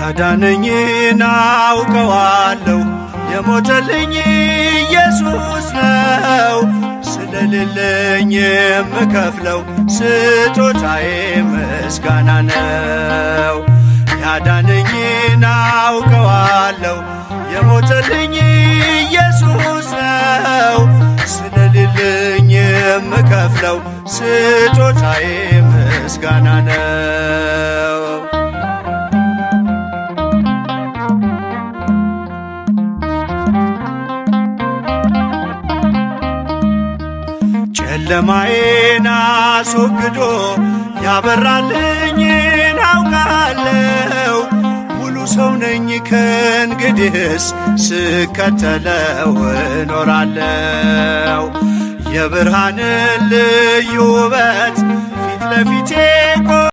ያዳነኝን አውቀዋለሁ የሞተልኝ ኢየሱስ ነው ስለሌለኝ የምከፍለው ስጦታዬ ምስጋና ነው። ያዳነኝን አውቀዋለሁ የሞተልኝ ኢየሱስ ነው ስለሌለኝ የምከፍለው ስጦታዬ ምስጋና ነው። ጨለማዬን አስወግዶ ያበራልኝን አውቃለው። ሙሉ ሰው ነኝ ከእንግዲህስ ስከተለው እኖራለው። የብርሃንን ልዩ ውበት ፊት ለፊቴ